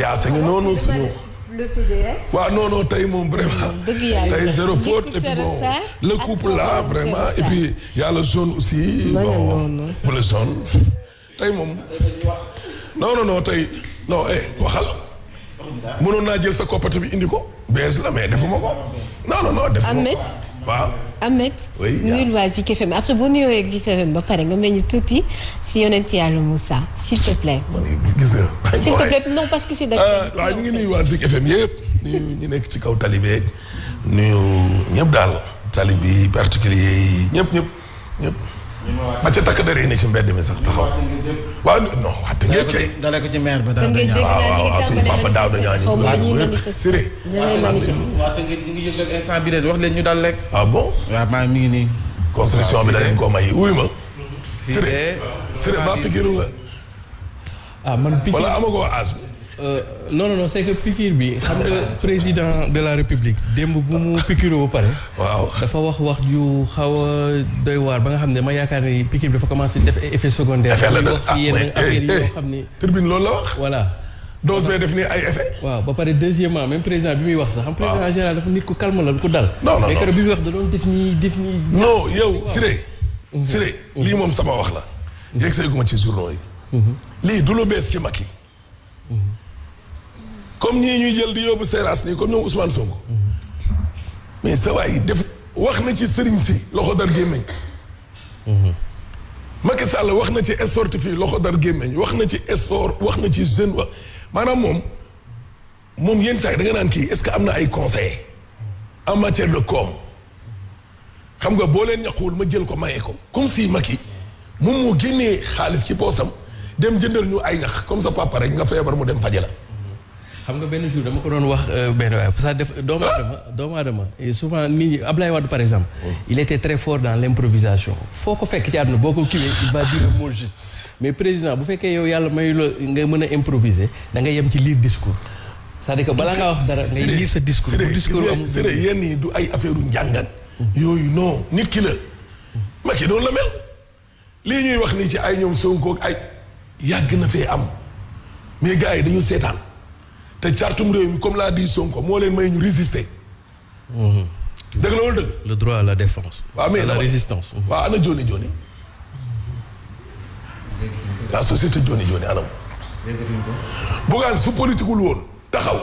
yaa sa nga noonu suñu. waa PDS. waaw moom vraiment. dëgg yàlla tey zéro faute et puis bon le vraiment et puis yàlla a aussi. bon bu le jaune. tey moom non non non tey non eh waxal. mënoon naa jël sa koppati bi indi ko. bees la mais defuma ko. non non defuma ko. waaw. Ahmed. oui nuyul waa Zik FM après boo nuyoo ak Zik FM ba pare nga meññ tuuti si yonent yàlla Moussa s'il te plaît. gis nga. s'il te plaît non parce que c'est d'actualité. Euh, waaw ñu ngi nuyu waa Zik FM yëpp. nuyu ñu nekk ci kaw talibe nuyu ñëpp daal talibe yi particulier yi ñëpp ñëpp ba ca takk dër yi ne ci mbedd mi sax taxaw. waaw non waa Tëngéej kay. dalee ko ci ba daaw dañu waaw waaw suñu papa daaw dañu ñaan wax leen ñu dal rek. ah bon. waaw maa mi ngi nii. construction bi da leen koo may wuy ma. Siré Siré maa pikiru la. ah aas Euh, noonu non non que piqûre bi xam nga président de la république démb bu mu ah. piqûre ba pare. waaw dafa wax wax ju xaw a doy waar ba nga xam ne ma yaakaar ne piqûre bi dafa commencé def effet secondaire. effet la wax ah, yenn xam ni. turbine loolu la wax. def ni ay effet. waaw ba pare deuxièmement même président bi muy wax sax. xam président en général dafa nit ku calme la ku dal. non non bi muy wax da doon def nii def nii. non yow Siré. Mhm. Siré mhm. lii moom sama wax la. Mhm. yegg seeguma ci journaux yi. lii du lu bees ci Macky. comme ñii ñuy jël di yóbbu seeraas nii comme ñoom Ousmane Sonko mais sa waay def wax na ci sëriñ si loxo dar gémmeñ Macky Sall wax na ci sportif fii loxo dar gémmeñ wax na ci sport wax na ci jeune wax maanaam moom moom yenn saa yi da nga naan kii est-ce que am na ay conseil am matière de com xam nga boo leen ñaquwul ma jël ko maye ko comme si Macky moom moo génnee xaalis ci poosam dem jëndal ñu ay ñax comme sa papa rek nga feebar mu dem faje la xam nga benn jour dama ko doon wax euh, benn waay parce que def doomu aadama doomu aadama souvent nit ñi Ablaye Wade par exemple il était très fort dans l'improvisation foo ko fekk ci àdduna boo ko kiwee il va dire le mot juste mais président bu fekkee yow yàlla may la a improviser yem ci lire discours cest à que balaa ngaa wax dara ngay lire sa discours bu discours am yenn yi du ay affaire u njàngat yooyu non nit ki la Macky noonu la mel lii ñuy wax nii ci ay ñoom Sonko ak ay yàgg na fee am mais gars yi dañu seetaan te cartum réew mi comme l'a dit Sonko moo leen may ñu résister. Mhm. dëgg la wala dëgg. le droit à la défense. waaw mais la résistance. Mhm. waaw ana Joni Joni. la société Joni Joni anam. bugaan su politiqueul woon taxaw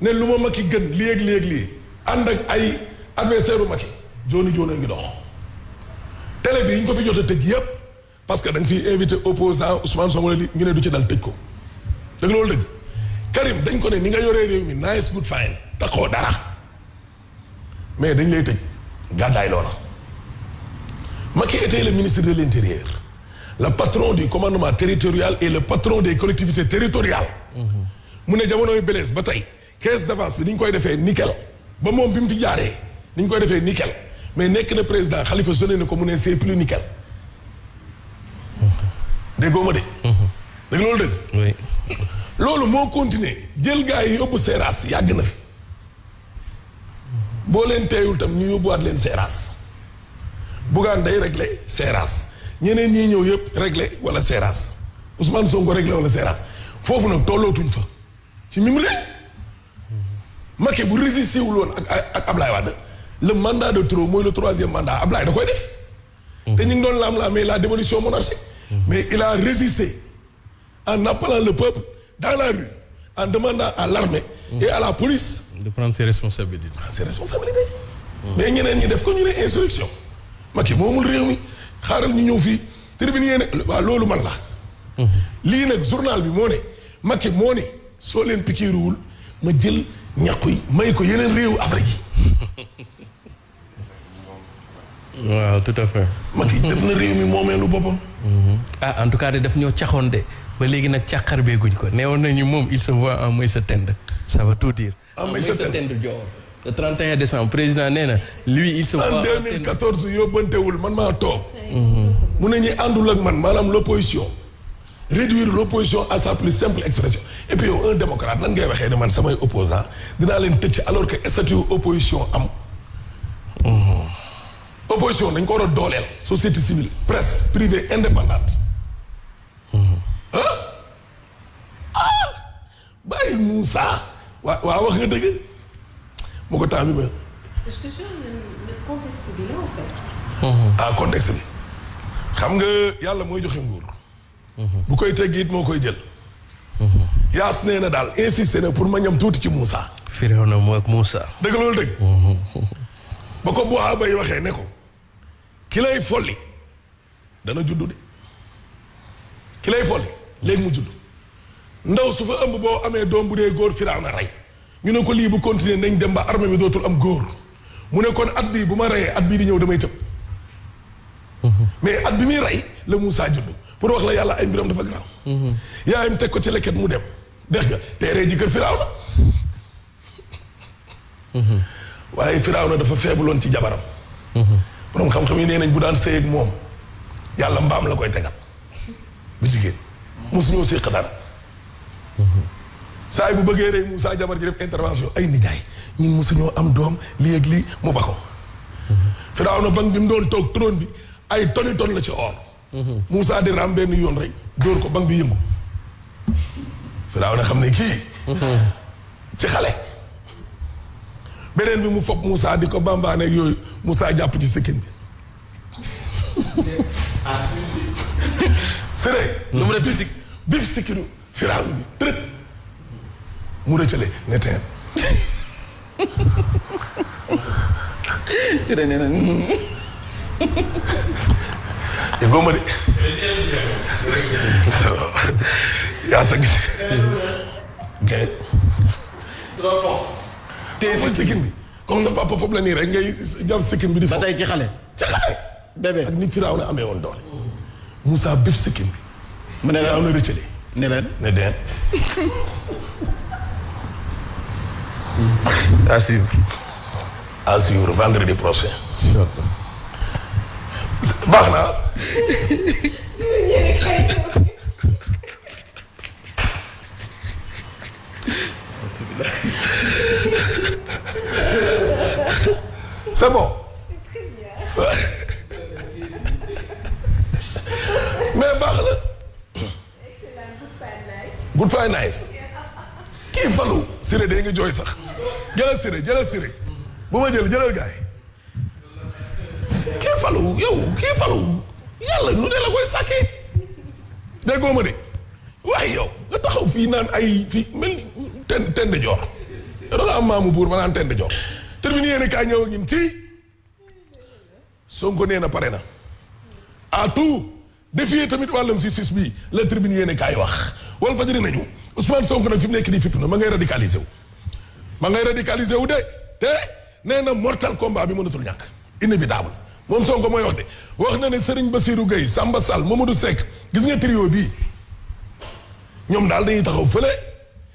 ne lu ma Macky gën léeg léeg lii ànd ak ay adversaire u yi Joni Joni ngi dox. télé yi ñu ko fi jot a tëj yépp parce que da nga fiy invité opposant Ousmane Sonko li ngi ne du ci dal tëj ko dëgg loolu wala dëgg. Karim dañ ko ne ni nga yoree réew mi nice good fine taxoo dara mais dañ lay tëj gàddaay loola Macky était le ministre de l'intérieur le patron du commandement territorial et le patron des collectivités territoriales mu ne jamonoy belees ba tey caisse d'avance bi ni ñu koy defee nikel ba moom bi mu fi jaaree ni ñu koy defee nickel mais nekk na président Khalifa sonné na ko mu ne c'est plus nickel déggoo ma de mhm. dëgg loolu dëgg loolu moo continuer jël gaa yi yóbbu seeraas yàgg na fi boo leen teeyul tam ñu yóbbuwaat leen seeraas buggaan day réglé seeraas ñeneen ñi ñëw yëpp réglé wala seeraas Ousmane Sonko réglé wala seeraas foofu nag tollootuñ fa ci mim réew Macky bu résisté wul woon ak ak Ablaye Wade le mandat de trop mooy le troisième mandat Ablaye da koy def. te ñu ngi doon laam-laamee la dévolution monarchique. Mmh. mais il a résisté en appelant le peuple. dans la rue en demandant à l'armée mm. et à la police. de prendre ses responsabilités. prendre ah, mais ñeneen ñi def ko ñu ne insurrection. Macky moomul réew mi xaaral ñu ñëw fii tribune yee ne waaw loolu man la. Mm-hmm. lii nag journal bi moo ne Macky moo ne soo leen pikiiruwul ma jël ñàqu yi may ko yeneen réewu Afrique yi. waaw à fait. Macky def na réew mi moomeelu boppam. Mm-hmm. ah en tout cas de daf ñoo caxoon de. ba léegi nag càqar beeguñ ko neewoon nañu moom il se voit en sa Tend sa veut tout dire. en Moïse Tend Dior. le 31 décembre président nee na. lui il se voit en 2014 yóbbantewul man maa toog. Mhm. mu nañu ñi àndul ak man maanaam l' opposition. réduire l' opposition à sa plus simple expression et puis yow un démocrate nan ngay waxee ne man samay opposant dinaa leen tëcc alors que statut opposition am. Mhm. opposition dañ ko war a dooleel. société civile presse privée indépendante. ah bàyyi Moussa waa wax nga dëgg mu ko temps bi ba. je te mm-hmm. ah contexte bi xam nga yàlla mooy joxe nguur. Mm-hmm. bu koy teggi it moo koy jël. Mm-hmm. yaas nee na daal insisté na pour ma ñam tuuti ci Moussa. Firawna moo ak Moussa. dëgg loolu dëgg. ba ko buxaaba yi waxee ne ko ki lay folli dana juddu de ki lay folli. léegi mu judd ndaw su fa ëmb boo amee doom bu dee góor firaaw na rey ñu ne ko lii bu continuer nañ dem ba armée bi dootul am góor mu ne kon at bii bu ma reyee at bii di ñëw damay tëb mais at bi muy rey la Moussa judd pour wax la yàlla ay mbiram dafa garaaw yaayam teg ko ci leket mu dem dex ga nga rey ji kër firaaw na waaye firaaw na dafa feebuloon ci jabaram borom xam-xam yi nee nañ bu daan sëy ak moom yàlla mbaam la koy tegal bu jigéen mosuñoo séq dara. bu bëggee rek Moussa jabar ji def intervention ay nijaay ñun am doom lii mu ba ko. Firawna bang bi mu bi ay toni ton la ci or. Moussa di ram benn yoon rek dóor ko bang bi yëngu. Firawna xam ne kii. ci xale. beneen bi mu fopp Moussa di ko bambaane yooyu Moussa jàpp ci sëkkin bi. sëree lu mu def biir sikkidu firaaru bi tërëp mu rëccale ne teen ci nee na de yaa sa gis gaet te si sikkin bi comme sa papa foofu la nii rek ngay jàpp sikkin bi di foofu ba tey ci xale ci xale bébé ak ni firaaw na amee woon doole Moussa béf sikkin bi mu ne la la rëccale ne leen ne deen à suivre à suivre vendredi prochain baax na c'est bon siré dee ngi jooy sax jëlal siré jëlal siré bu ma jël jëlal gaay kii falu yow kii falu yàlla nu ne la koy sàkkee déggoo ma de waaye yow nga taxaw fii naan ay fii mel ten ten de joor yow da nga am maamu buur ma naan ten de joor terminé yéen kaa ñëw ak ñun ci Sonko nee na pare na à tout défier tamit wàllum justice bi la terminé yéen kaay wax wal fajri nañu Ousmane sonk nag fi mu nekk nii fipp na ma ngay radicalisé wu ma ngay radicalisé wu de te nee na mortal combat bi mënatul ñàkk inévitable moom Sonko mooy wax de na ne Serigne Bassirou Gueye Samba Sall Mamadou Seck gis nga trio bii ñoom daal dañuy taxaw fële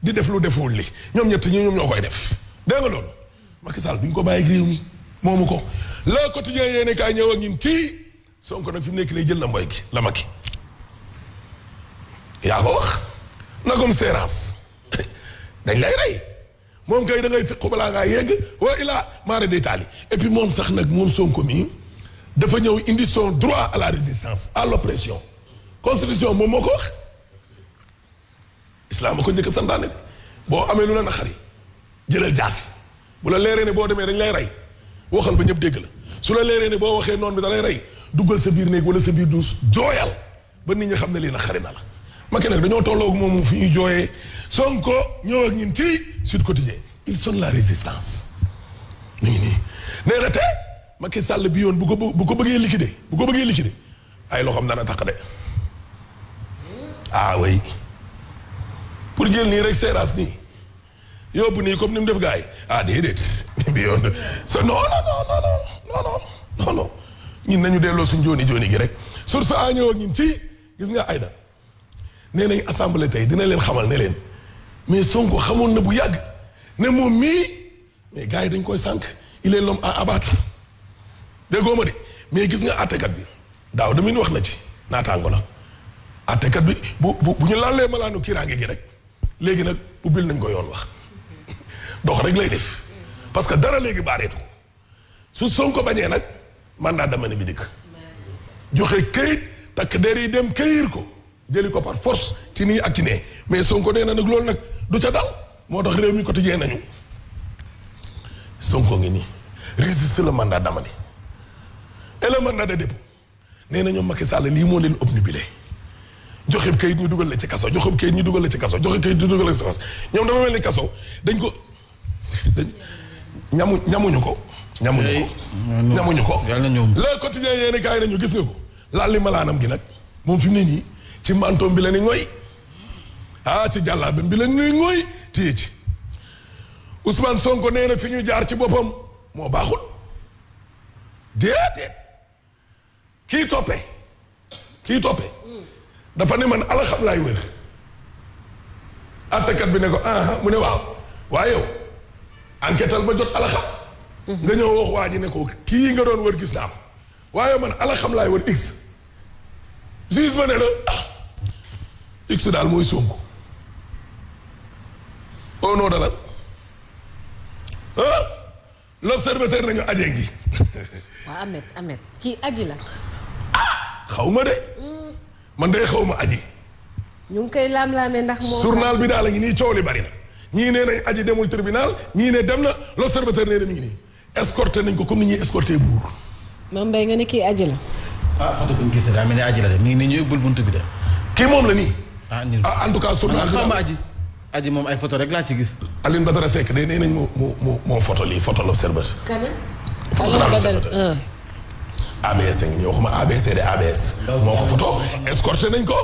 di def lu deful li ñoom ñett ñi koy def dégg nga loolu Macky Sall ko bàyyi réew mi ko Le Quotidien yéene kaay ñëw ñun tii Sonko nag fi mu nekk lay jël la mboy ki la Macky yaa ko wax nagum séerans dañ lay rey moom kay da ngay fiqu balaa ngaa yegg wa ilaa maara day taali et moom sax nag moom Sonko mi dafa ñëw indi son droit à la résistance à l'oppression constitution moom moo ko wax islam ko njëkk santaane boo amee lu la naqari jëlal jaasi bu la leeree ne boo demee dañ lay rey waxal ba ñëpp dégg la su la leeree ne boo waxee noonu bi da rey duggal sa biir néeg wala sa biir duus jooyal ba nit ñi xam ne lii naqari na la Macky nag dañoo tolloogu moom fu ñuy jooyee Sonko ñëw ak ñun ci Sud Quotidien ils sont ngi nii nee na te Macky bi yoon bu ko bu ko bëggee liquider bu ko bëggee liquider ay loxoom dana takk de ah oui pour jël nii rek seeraas nii yóbbu nii comme ni mu def gars yi ah déedéet bi yoon so non non non non non non non ñun nañu delloo suñ jooni jooni gi rek source a ñëw ak ñun ci gis nga Aïda nee nañ assemblée tey dina leen xamal ne leen mais Sonko xamoon na bu yàgg ne moom mii mais gars yi dañ koy sànq il est l'homme à abattre déggoo ma de mais gis nga àttekat bi daaw damin wax na ci naataango la àttekat bi bu bu bu ñu laalee malaanu kiiraange gi rek léegi nag ubbil nañ ko yoon wax dox rek lay def parce que dara léegi baareetu ko su soo ko bañee nag mandat naa ne bi dikk joxe këyit takk der yi dem këyir ko jëli ko par force ci nii ak ci nee mais Sonko nee na nag loolu nag du ca dal moo tax réew mi ko tijjee nañu Sonko ngi nii résister le mandat d'amener et le mandat de dépôt nee na ñoom Macky Sall lii moo leen obnubilé joxe kayit ñu dugal la ci kaso joxe kayit ñu dugal la ci kaso joxe kayit ñu dugal la ci kaso ñoom dafa mel ni kaso dañ ko dañ ñamu ñamuñu ko. ñamuñu ko ñamuñu ko. yàlla ñoom le quotidien yéen kaay nañu gis nga ko laal li malaanam gi nag moom fi nii ne nii. ci mantoom bi la ni ngoy ah ci jàllaabam bi la ni ngoy téye ci Ousmane Sonko nee na fi ñu jaar ci boppam moo baaxul déedéet kii toppe kii toppe dafa ne man alxam laay wër attakat bi ne ko ah mu ne waaw waaye yow enquêtal ba jot alxam nga ñëw wax waa ji ne ko kii nga doon wër gis naa ko waaye man alxam laay wër x juge ma ne la ah, x daal mooy Sonko au oh nom de la ah l'observateur nañu aje ngi. waaw Ahmed Ahmed kii aji la. ah xaw ma de. man de xaw ma aji. ñu ngi koy laam-laamee ndax moo. journal bi daal la ngi nii coow li bari na ñii nee nañ aji demul tribunal ñii ne dem na l'observateur nee na mi ngi nii escorté nañ ko comme ni ñuy escorté buur. man mbay nga ne kii aji la. ah Fatou Binetou Cissé daa mel ni aji la de mi ngi nii ñu ubbul bunt bi de. kii moom la nii. a ah, ah, en tout cas. surtout ah, aji aji moom ay photo rek laa ci gis. Alioune Badara Seck de nee nañ moo moo moo photo lii photo l'observateur. quand a ngi ñëw waxuma ABC de ABS. moo ko photo escorté nañ ko.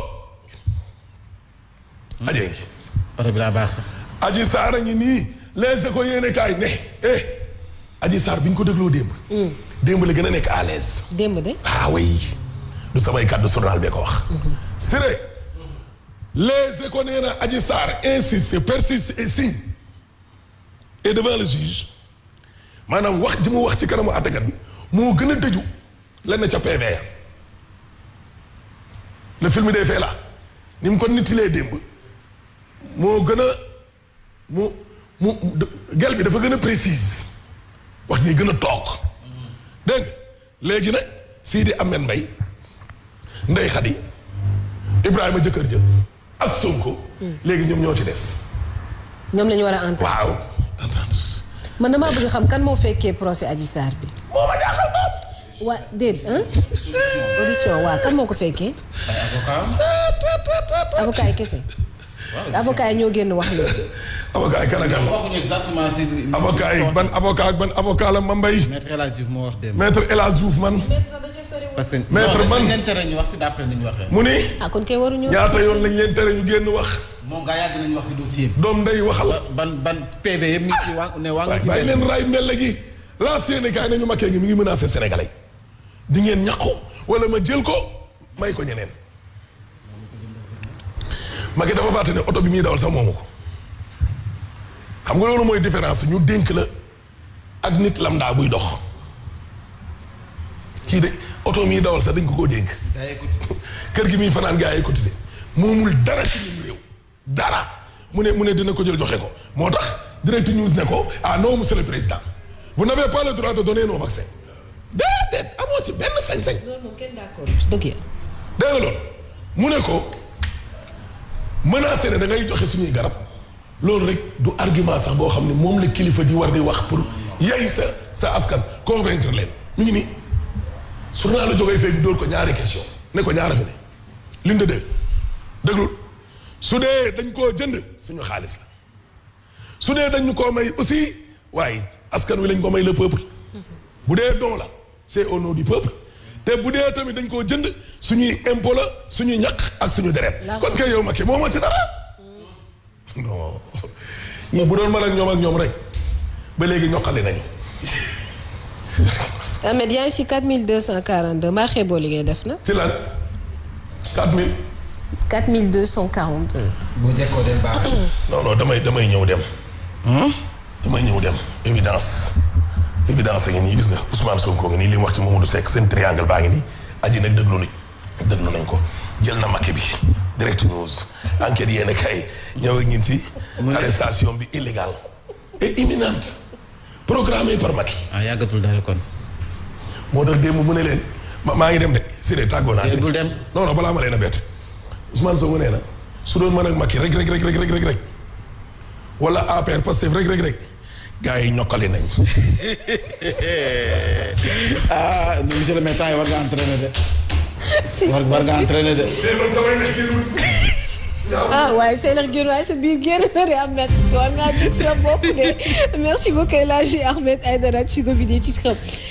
Hmm? aje ngi. Aji Sarr a ngi nii les écoles yéene ne eh. Aji Sarr bi ñu ko dégloo démb. Hmm. démb la gën a nekk à l'aise. démb de. ah oui du samay kàddu journal bee ko wax. Hmm. les échos nee na Adji Sarr insiste persiste et signe et devant le juge maanaam wax ji mu wax ci kanamu àttekat bi moo gën a dëju lenn ca PV ya la film des faits ni mu ko nitilee démb moo gën a mu mu gel bi dafa gën a précise wax ji gën a toog dégg nga léegi nag Sidi Ahmed mbay Ndeye Khady Ibrahima jëkkër jël ak Sonko. léegi ñoom ñoo ci des. ñoom la war a entendre waaw entendre. man damaa bëgg xam kan moo fekkee procès Adji bi. moo ma jaaxal maam. waa déet ah. waaw kan moo ko fekkee. ay avocats. avocat kese. avocat ñoo génn wax loolu. avocat yi kan ak kan la yi ban avocat ak ban avocat la ma mbay. maître El Hadj Diouf moo wax démb. maître El Hadj Diouf man. parce que man wax si d'après ni ñu waxee. mu ni. Ah, ñaata yoon lañ leen tere ñu génn wax. moom gaa yàgg nañu wax si dossier bi. doom ndey waxal. ban ban PV yëpp mi ngi ci waa ne waa ngi ci. bàyyi leen raay mbell gi. la Sénégal nañu makkee ngi mi ngi menacé sénégalais di ngeen ñàkk ko wala ma jël ko may ko ñeneen. Macky dafa fàtte ne oto bi muy dawal sax moomu ko xam nga loolu mooy différence ñu dénk la ak nit lambda buy dox kii de oto mii dawal sax dañ ko koo dénk kër gi muy fanaan gaa yi cotisé moomul dara ci ñun réew dara mu ne mu ne dina ko jël joxe ko moo tax direct news ne ko ah non monsieur président vous n'avez pas le droit de donner nos vaccins déedéet amoo ci benn sañ-sañ dëgg nga loolu mu ne ko menacé ne da ngay joxe suñuy garab loolu rek du argument sax boo xam ne moom la kilifa di war di wax pour yey sa sa askan convaincre leen mu ngi nii journal la jógee fee bi ko ñaari question ne ko ñaara fi ne lim de su dee dañ koo jënd suñu xaalis la su dee dañu koo may aussi waaye askan wi lañ ko may le peuple bu dee don la c'est au nom du te bu dee tamit dañ koo jënd suñuy impôt la suñuy ñaq ak suñu deret kon kay yow ma kii moom a ci dara mm. non ñii bu doon mën ak ñoom ak ñoom rek ba léegi ñoqali nañu. Ahmed yaa ngi si 4242 mbaa xeeboo li ngay def na. ci lan 4000. 4242. boo jekkoo dem baax non non damay damay ñëw dem. Hmm? damay ñëw dem évidence. évidence a ngi nii gis nga Ousmane Sonko ngi nii li mu wax ci Mamadou Seck seen triangle baa ngi nii aji nag déglu nañ déglu nañ ko jël na makki bi. direct news enquête yéen a kay ñëw ak ñun arrestation bi illégale et imminente programmée par Macky. ah yàggatul dara kon. moo tax démb mu ne leen ma maa ngi dem de si de tàggoo naa. bul dem non non balaa ma leen a bett Ousmane Sonko nee na su doon ma ak Macky rek rek rek rek rek rek wala APR Pastef rek rek rek. gaa yi ñokkali nañ. ah monsieur le maire war nga entraîner de. war war nga entraîné de. ah waaye Seydou Guèye waaye sa biir génn na de Ahmed war ngaa jóg sa bopp de merci beaucoup El Hadji Ahmed Aïdara ci revue des titres